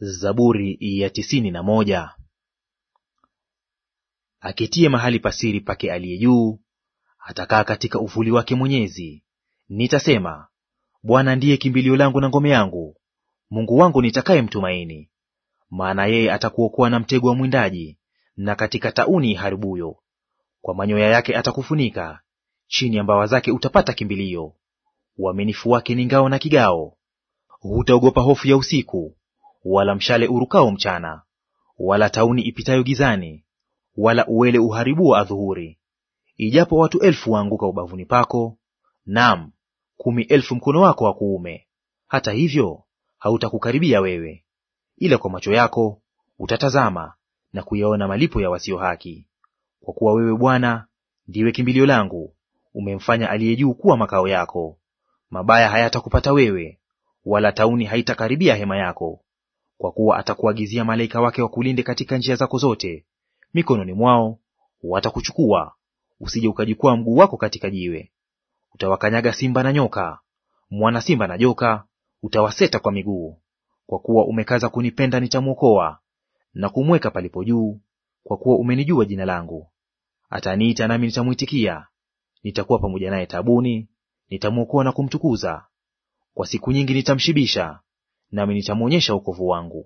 Zaburi ya tisini na moja. Aketie mahali pasiri pake aliye juu, atakaa katika uvuli wake Mwenyezi. Nitasema, Bwana ndiye kimbilio langu na ngome yangu, Mungu wangu nitakaye mtumaini. Maana yeye atakuokoa na mtego wa mwindaji, na katika tauni iharibuyo. Kwa manyoya yake atakufunika, chini ya mbawa zake utapata kimbilio. Uaminifu wake ni ngao na kigao. Hutaogopa hofu ya usiku wala mshale urukao mchana, wala tauni ipitayo gizani, wala uwele uharibuo adhuhuri. Ijapo watu elfu waanguka ubavuni pako, nam kumi elfu mkono wako wa kuume, hata hivyo hautakukaribia wewe. Ila kwa macho yako utatazama na kuyaona malipo ya wasio haki. Kwa kuwa wewe Bwana ndiwe kimbilio langu, umemfanya aliye juu kuwa makao yako. Mabaya hayatakupata wewe, wala tauni haitakaribia hema yako, kwa kuwa atakuagizia malaika wake wakulinde katika njia zako zote; mikononi mwao watakuchukua, usije ukajikua mguu wako katika jiwe. Utawakanyaga simba na nyoka, mwana simba na joka utawaseta kwa miguu. Kwa kuwa umekaza kunipenda, nitamwokoa na kumweka palipo juu, kwa kuwa umenijua jina langu. Ataniita nami nitamwitikia, nitakuwa pamoja naye taabuni, nitamwokoa na kumtukuza. Kwa siku nyingi nitamshibisha nami nitamwonyesha ukovu wangu.